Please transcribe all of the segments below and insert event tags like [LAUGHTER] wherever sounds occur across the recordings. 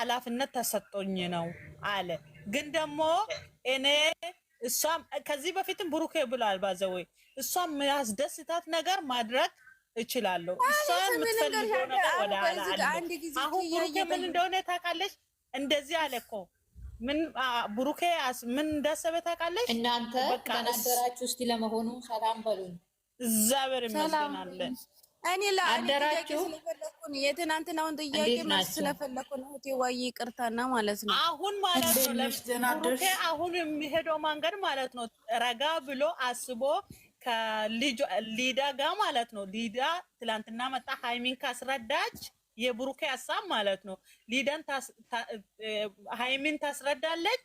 አላፍነት ተሰጦኝ ነው አለ። ግን ደግሞ እኔ እሷም ከዚህ በፊትም ብሩኬ ብሏል ባዘወይ እሷም ያስደስታት ነገር ማድረግ እችላለሁ። እሷ የምትፈልገው ነገር ወደ አሁን ብሩኬ ምን እንደሆነ ታውቃለች። እንደዚህ አለ እኮ ምን ብሩኬ ምን እንዳሰበ ታውቃለች። እናንተ ተናደራችሁ። እስቲ ለመሆኑ ሰላም በሉኝ። እግዚአብሔር ይመስገናለን። እኔ ለአደራችሁ የትናንትናውን ጥያቄ መልስ ስለፈለኩ ነው። ዋይ ይቅርታና ማለት ነው። አሁን ማለት ነው አሁን የሚሄደው መንገድ ማለት ነው ረጋ ብሎ አስቦ ከሊዳ ጋር ማለት ነው። ሊዳ ትላንትና መጣ ሃይሚን ካስረዳች የብሩኬ ሀሳብ ማለት ነው። ሊዳን ሃይሚን ታስረዳለች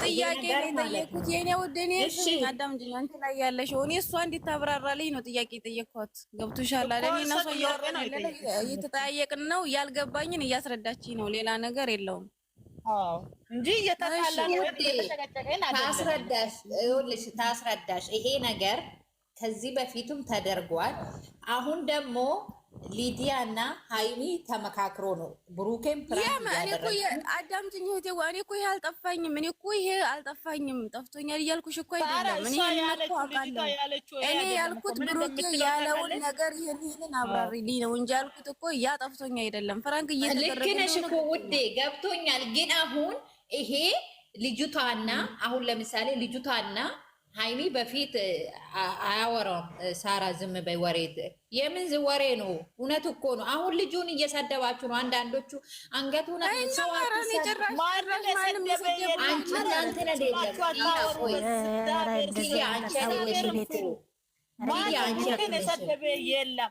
ጥያቄ ነው የጠየኩት የኔ ውድ። እኔ አዳምጪኝ፣ አንቺ ላይ እኔ እሷ እንድታብራራልኝ ነው ጥያቄ የጠየኳት። ገብቶሻል አይደል? እኔ እና እሷ እየተጠያየቅን ነው፣ ያልገባኝን እያስረዳችኝ ነው። ሌላ ነገር የለውም እንጂ ታስረዳሽ። ታስረዳሽ። ይሄ ነገር ከዚህ በፊቱም ተደርጓል። አሁን ደግሞ ሊዲያ እና ሀይሚ ተመካክሮ ነው። ብሩኬም አዳምጪኝ እህቴ፣ እኔ እኮ ይሄ አልጠፋኝም። እኔ እኮ ይሄ አልጠፋኝም፣ ጠፍቶኛል እያልኩሽ እኮ አይደለም። እኔ ያልኩት ብሩኬ ያለውን ነገር ይህን ይህንን አብራሪልኝ ነው እንጂ ያልኩት እኮ እያ ጠፍቶኛ አይደለም። ፍራንክ ልክ ነሽ እኮ ውዴ፣ ገብቶኛል። ግን አሁን ይሄ ልጅቷና አሁን ለምሳሌ ልጅቷና ሀይሚ በፊት አያወራም። ሳራ ዝም በይ ወሬ የምን ወሬ ነው? እውነት እኮ ነው። አሁን ልጁን እየሰደባችሁ ነው አንዳንዶቹ። አንገቱ አንቺ የሰደበ የለም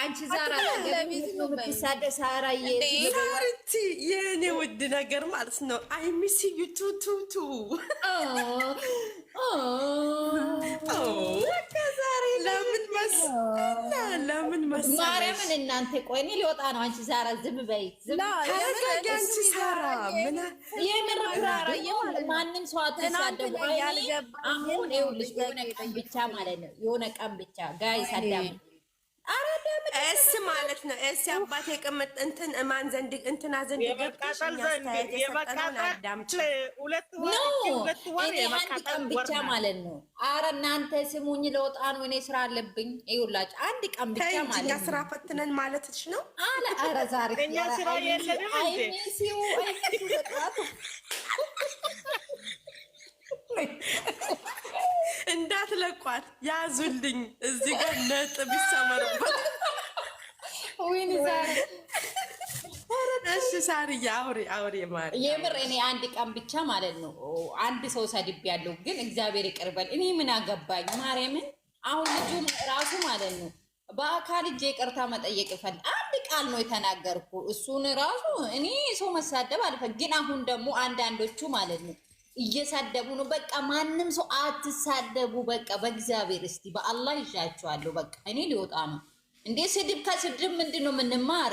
አንቺ ዛራ ሳራሳራቲ የእኔ ውድ ነገር ማለት ነው። አይ ሚስ ዩ ቱ ቱ ቱ ለምን መስ ማርያምን፣ እናንተ ቆይ እኔ ሊወጣ ነው። አንቺ ዛራ ዝም በይ ዝምአንቺ ማንም ሰው አትሳደቡ። አሁን ይኸውልሽ የሆነ ቀን ብቻ ማለት ነው የሆነ ቀን ብቻ ጋይ ሳዳም እስ ማለት ነው እስ አባቴ የቅምጥ እንትን እማን ዘንድ እንትና ዘንድ ገብተሽኝ አስተያየት የሰጠነውን አዳምጪ። ሁለት ወር ቀን ብቻ ማለት ነው። አረ እናንተ ስሙኝ፣ ለወጣ ነው እኔ ስራ አለብኝ። ይኸውላችሁ አንድ ቀን ብቻ ማለት ነው። ስራ ፈትነን ማለትሽ ነው አለ። አረ ዛሬ እኛ ስራ የለንም እንዴ? አይሚሲው አይሚሲው በቃቱ እንዳትለቋት ያዙልኝ። እዚህ ጋር ነጥብ ይሰመሩበት። ወይኔ ዛሬ እሺ ሳርዬ አውሪ አውሪ። የምር እኔ አንድ ቀን ብቻ ማለት ነው አንድ ሰው ሰድብ ያለው ግን እግዚአብሔር ይቅርበል። እኔ ምን አገባኝ ማርያምን። አሁን ልጁ ራሱ ማለት ነው በአካል እጅ ይቅርታ መጠየቅ ይፈል አንድ ቃል ነው የተናገርኩ። እሱን ራሱ እኔ ሰው መሳደብ አልፈ ግን አሁን ደግሞ አንዳንዶቹ ማለት ነው እየሳደቡ ነው። በቃ ማንም ሰው አትሳደቡ። በቃ በእግዚአብሔር እስቲ በአላህ ይሻችኋለሁ። በቃ እኔ ሊወጣ ነው እንዴ? ስድብ ከስድብ ምንድን ነው የምንማር?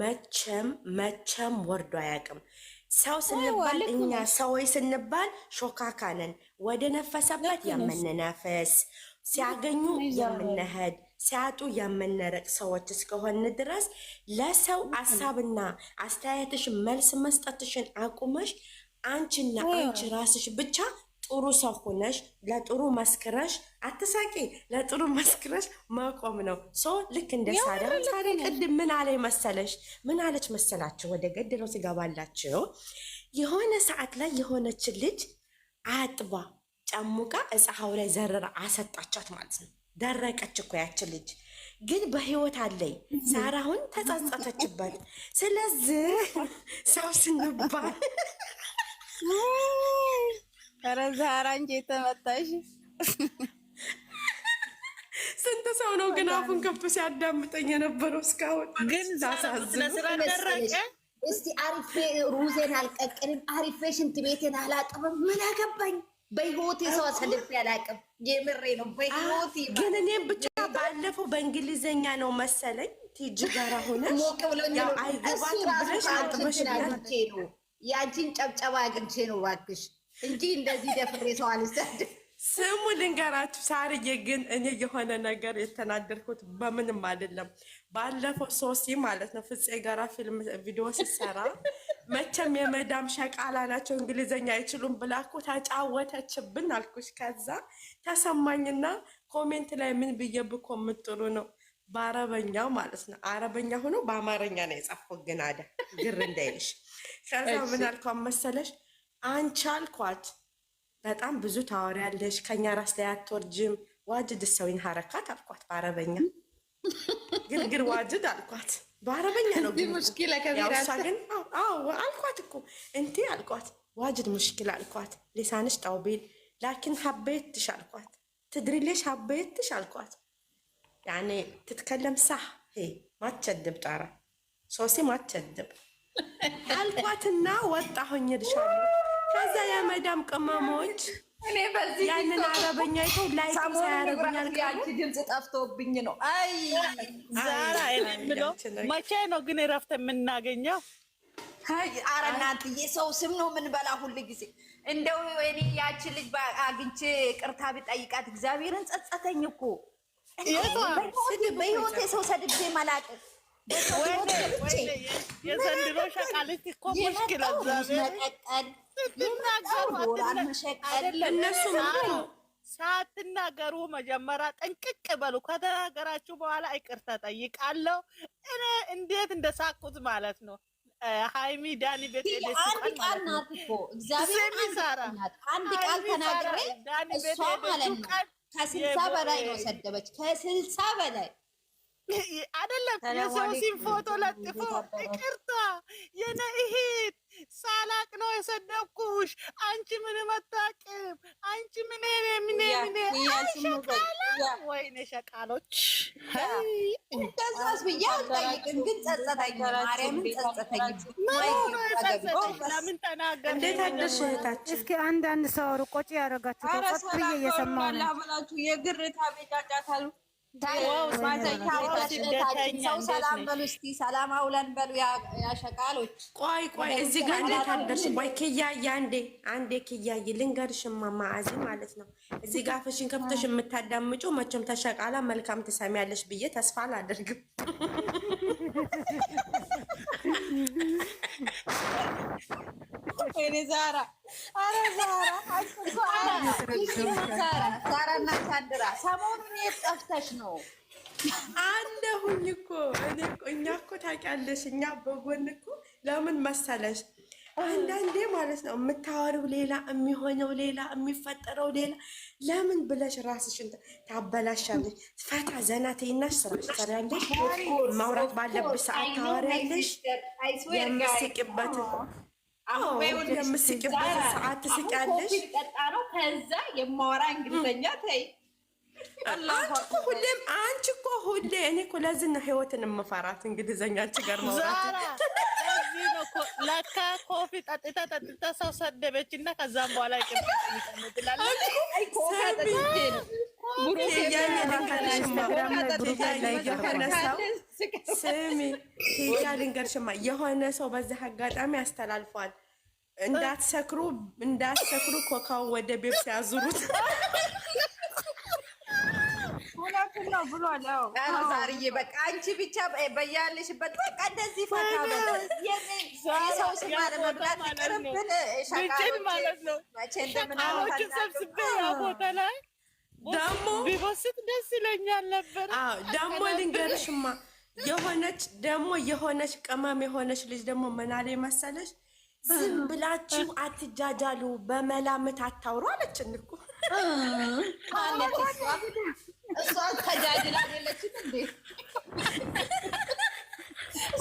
መቼም መቼም ወርዶ አያውቅም። ሰው ስንባል እኛ ሰዎች ስንባል ሾካካ ነን። ወደ ነፈሰበት የምንነፍስ ሲያገኙ የምንሄድ ሲያጡ የምንረቅ ሰዎች እስከሆን ድረስ ለሰው አሳብና አስተያየትሽን መልስ መስጠትሽን አቁመሽ አንቺና አንቺ ራስሽ ብቻ ጥሩ ሰው ሆነሽ ለጥሩ መስክረሽ አትሳቂ። ለጥሩ መስክረሽ መቆም ነው። ሰው ልክ እንደ ሳዳ ቅድም ምን አለ መሰለሽ? ምን አለች መሰላችሁ? ወደ ገድለው ሲገባላችሁ የሆነ ሰዓት ላይ የሆነች ልጅ አጥባ ጨሙቃ እፀሐው ላይ ዘረራ አሰጣቻት ማለት ነው። ደረቀች እኮ ያች ልጅ ግን በህይወት አለኝ ሳራሁን ተጸጸተችበት። ስለዚህ ሰው ስንባል ኧረ ዛራ እንጂ የተመታሽ ስንት ሰው ነው ግን አፉን ከፍቶ ሲያዳምጠኝ የነበረው እስካሁን ግን እስቲ አሪፌ ሩዜን አልቀቅልም፣ አሪፌ ሽንት ቤቴን አላጥብም። ምን አገባኝ? በህይወቴ ሰው አሳልፌ ያላቅም። የምሬ ነው። በህይወቴ ግን እኔም ብቻ ባለፈው በእንግሊዘኛ ነው መሰለኝ ቲጅ ጋራ ሆነ ሞቅ ብሎኛል። እሱ ራሱ አግኝቼ ነው የአንቺን ጨብጨባ አግኝቼ ነው እባክሽ እንጂ እንደዚህ ደፍሬ ሰው አልሰድም። ስሙ ልንገራችሁ፣ ሳርዬ ግን እኔ የሆነ ነገር የተናገርኩት በምንም አይደለም። ባለፈው ሶሲ ማለት ነው ፍፄ ጋራ ፊልም ቪዲዮ ሲሰራ መቼም የመዳም ሸቃላ ናቸው እንግሊዘኛ አይችሉም ብላ እኮ ተጫወተችብን አልኩሽ። ከዛ ተሰማኝና ኮሜንት ላይ ምን ብዬ ብኮ የምጥሩ ነው በአረበኛው ማለት ነው። አረበኛ ሆኖ በአማርኛ ነው የጻፈው። ግን አደ ግር እንዳይልሽ። ከዛ ምን አልኳ መሰለሽ አንቺ አልኳት በጣም ብዙ ታወሪያለሽ፣ ከኛ ራስ ላይ አትወርጅም። ዋጅድ ሰዊን ሀረካት አልኳት በአረበኛ ግርግር ዋጅድ አልኳት በአረበኛ ነው ግንሙሽኪላከቢራሳ ግን አልኳት እኮ እንቴ አልኳት ዋጅድ ሙሽኪል አልኳት ሊሳንሽ ጣውቢል ላኪን ሀበየትሽ አልኳት ትድሪሌሽ ሀበየትሽ አልኳት ያኔ ትትከለም ሳህ ሄ ማትቸድብ ጣራ ሶሲ ማትቸድብ አልኳትና ወጣሁኝ ልሻለሁ ከዛ የመዳም ቅመሞች ያንን አረበኛ ይቶ ላይ ሳያረጉኛል። ድምፅ ጠፍቶብኝ ነው። አይ ዛራ ብሎ መቼ ነው ግን እረፍት የምናገኘው? ኧረ እናንትዬ ሰው ስም ነው የምንበላ ሁል ጊዜ። እንደው እኔ ያችን ልጅ አግኝቼ ቅርታ ብጠይቃት እግዚአብሔርን ጸጸተኝ እኮ በሕይወቴ ሰው ሰድቤ መላቅ የዘንድሮ ሸቃልት እኮ ሙሽክል ሳትናገሩ መጀመሪያ ጥንቅቅ በሉ። ከተናገራችሁ በኋላ ይቅርታ ጠይቃለሁ። እኔ እንዴት እንደሳኩት ማለት ነው። ሃይሚ ዳኒ ቤት ሄደች። ከስልሳ በላይ ነው ሰደበች። ከስልሳ በላይ አይደለም የሰው ሲም ፎቶ ለጥፎ ይቅርታ የኔ እህት ሳላቅ ነው የሰደብኩሽ፣ አንቺ ምን መታቅም አንቺ ምን ምን ምን ወይኔ ሸቃሎች እስኪ አንዳንድ ሰው ርቆጭ ያደረጋችሁ ቆጥ ብዬ እየሰማሁ ነው የግርታ ሰው ሰላም በሉ እስኪ፣ ሰላም አውለን በሉ ያሸቃሎች። ቆይ ቆይ፣ እዚህ ጋር እንዴት አደርሽ? ቆይ ክያዬ፣ አንዴ አንዴ ክያዬ፣ ልንገርሽ እማማ አዚ ማለት ነው። እዚህ ጋር አፍሽን ከፍተሽ የምታዳምጩ መቼም ተሸቃላ መልካም ትሰሚያለሽ ብዬ ተስፋ አላደርግም። [LAUGHS] ዛራ እና ሳንድራ ሰሞኑን የት ጠፍተሽ ነው? አለሁኝ እኮ እኛ እኮ ታውቂያለሽ፣ እኛ በጎን እኮ ለምን መሰለሽ አንዳንዴ ማለት ነው የምታወሪው ሌላ፣ የሚሆነው ሌላ፣ የሚፈጠረው ሌላ። ለምን ብለሽ ራስሽን ታበላሻለሽ? ፈታ ዘና ትይና ሰሪያለሽ። ማውራት ባለብሽ ሰዓት ታወሪያለሽ። የምስቅበትን ሰዓት ትስቂያለሽ። ቀጣ ነው። ከዛ የማወራ እንግሊዘኛ ተይ። አንቺ እኮ ሁሌም አንቺ እኮ ሁሌ እኔ እኮ ለዚህ ነው ህይወትን የምፈራት እንግሊዘኛ አንቺ ጋር ነው ለዚህ ነው ለካ ኮፊ ጠጥታ ጠጥታ ሰው ሰደበች እና ከዛም በኋላ ስሚ ያ ልንገርሽማ የሆነ ሰው በዚህ አጋጣሚ ያስተላልፏል። እንዳትሰክሩ እንዳትሰክሩ ኮካው ወደ ቤብስ ያዙሩት። ነው ብሏል። አዎ ዛርዬ፣ በቃ አንቺ ብቻ በያለሽበት በቃ እንደዚህ ፈታ ሰው ሲማር ደስ ይለኛል ነበር። ደግሞ ልንገርሽማ የሆነች ደግሞ የሆነች ቅመም የሆነች ልጅ ደግሞ ምን አለ መሰለሽ ዝም ብላችሁ አትጃጃሉ፣ በመላምት አታውሩ አለችን እኮ እሷ ተጃጅል አይደለችም እንዴ?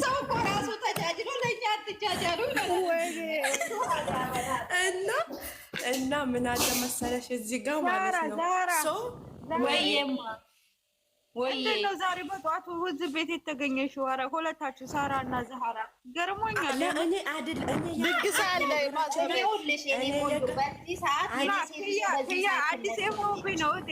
ሰው እኮ ራሱ ተጃጅሎ ለእኛ አትጃጃሉ። እና እና ምን አለ መሰለሽ እዚህ ጋር ማለት ነው ወይም ምንድን ነው ዛሬ በጠዋት ውዝ ቤት የተገኘሽው? ኧረ ሁለታችሁ ሳራ እና ዛህራ ገርሞኛል። እኔ አይደል ድግስ አለ ይኸውልሽ፣ እኔ ሁሉ በዚህ ሰዓት ትያ አዲስ ኤምሮቢ ነው እቴ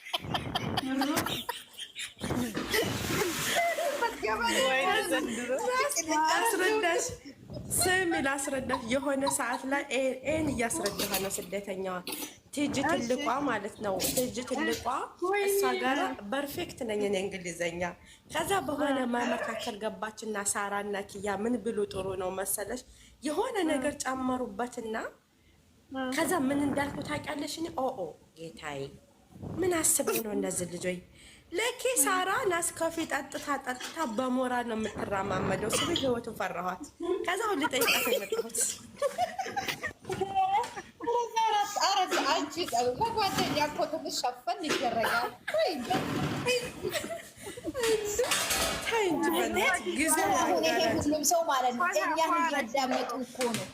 ላስረዳሽ ስም ላስረዳሽ። የሆነ ሰዓት ላይ ኤን ነው። ስደተኛዋ ትጅ ትልቋ ማለት ነው። ትጅ ትልቋ እሷ ጋር ፐርፌክት ነኝ እኔ እንግሊዘኛ። ከዛ በሆነ መካከል ገባችና ሳራና ኪያ ምን ብሉ ጥሩ ነው መሰለሽ የሆነ ነገር ጨመሩበትና ከዛ ምን እንዳልኩ ታውቂያለሽ? ኦ ኦ ጌታዬ ምን አስበው ነው እነዚህ ልጆች? ለኪሳራ ናስካፌ ጠጥታ ጠጥታ በሞራል ነው የምትራማመደው። ስሉ ህይወቱን ፈራኋት። ከዛ ሁሉ ጠይቃት የመጣሁት ሰው ማለት ነው እኛን እያዳመጡ እኮ ነው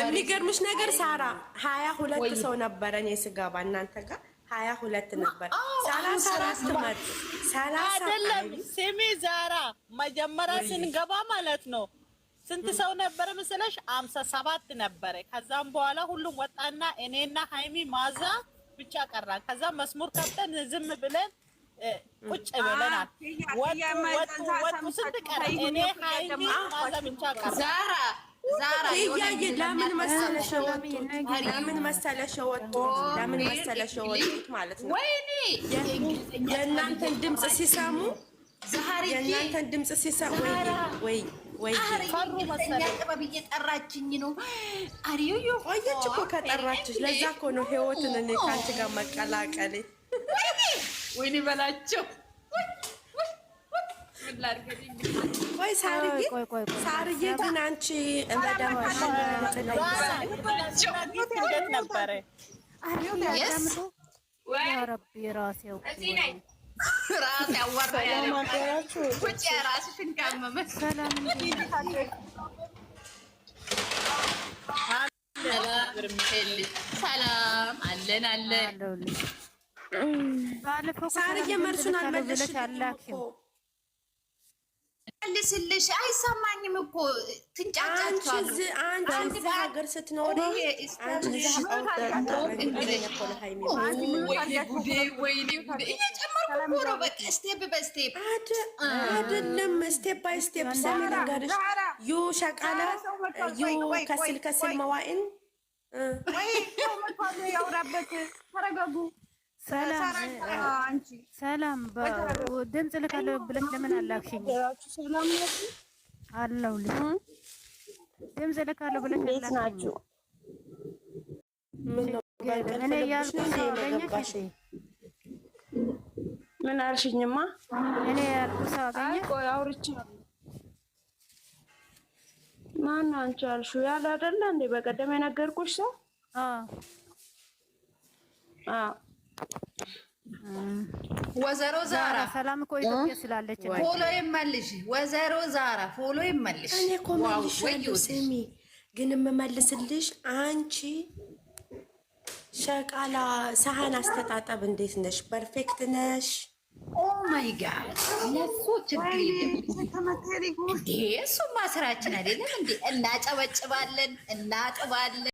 የሚገርምሽ ነገር ሳራ ሀያ ሁለት ሰው ነበረ እኔ ስገባ እናንተ ጋር ሀያ ሁለት ነበር። ሰላሳ አራት መጡ። አይደለም ስሚ ዛራ መጀመሪያ ስንገባ ማለት ነው ስንት ሰው ነበረ መሰለሽ? አምሳ ሰባት ነበረ። ከዛም በኋላ ሁሉም ወጣና እኔና ሀይሚ ማዛ ብቻ ቀራ። ከዛ መስሙር ከብተን ዝም ብለን ቁጭ ብለናል። ለምን መሰለሽ ወጡት? ማለት ነው። የእናንተን ድምፅ ሲሰሙ የእናንተን ድምፅ ሲሰሙ ወይ ወይ ጥበብ እየጠራችኝ ነው። ቆየች እኮ ከጠራችሽ። ለዛ እኮ ነው ህይወትን እኔ ከአንቺ ጋር መቀላቀሌ ወይኔ በላቸው። ቆይ ሳርዬ ግን አንቺ ሰላም አለን አለን ሳርዬ መልሱን አልመለስሽም። መልስልሽ አይሰማኝም እኮ ትንጫጫቸዋለሁ። አንቺ እዛ ሀገር ስትኖሪ እየጨመርኩ ነው። በቃ ስቴፕ በስቴፕ አይደለም፣ ስቴፕ ባይ ስቴፕ ስሚ ነገርሽ ዩ ሸቃላ ዩ ከስል ከስል መዋዕን ወይ ያውራበት ተረጋጉ ሰላም ድምፅ ልካለሁ ብለሽ ለምን አላክሽኝ? አለሁልሽ። ድምፅ ልካለሁ ብለሽ አላክሽኝ። እኔ ያልኩሽ ምን አልሽኝማ? እኔ ያልኩሽ አገኘሽ? አውርቼ ማነው አንቺ ያልሺው? ያለ አይደለ እንደ በቀደም የነገርኩሽ ሰው ወዘሮ ዛራ ሰላም እኮ ኢትዮጵያ ስላለች ፎሎ ይመልሽ። ወዘሮ ዛራ ፎሎ ይመልሽ። እኔ እኮ መልሻለሁ። ስሚ ግን የምመልስልሽ አንቺ ሸቃላ ሰሃን አስተጣጠብ እንዴት ነሽ? ፐርፌክት ነሽ። ኦ ማይ ጋድ ለሱ ችግር የለም። እሱማ ስራችን አይደለም እንዴ? እናጨበጭባለን፣ እናጥባለን።